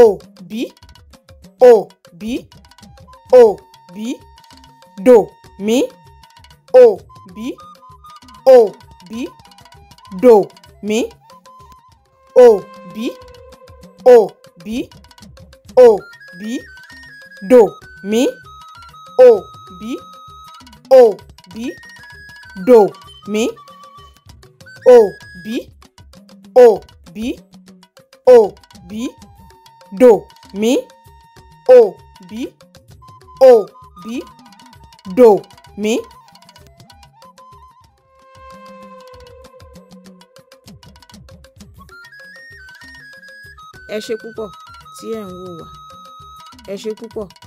òbí òbí òbí dòmí òbí òbí dòmí òbí òbí òbí dòmí òbí òbí dòmí òbí òbí dò mí O òbí dò mí. ẹ ṣé púpọ̀ tí ẹ̀ ń wò wá ẹ ṣé púpọ̀.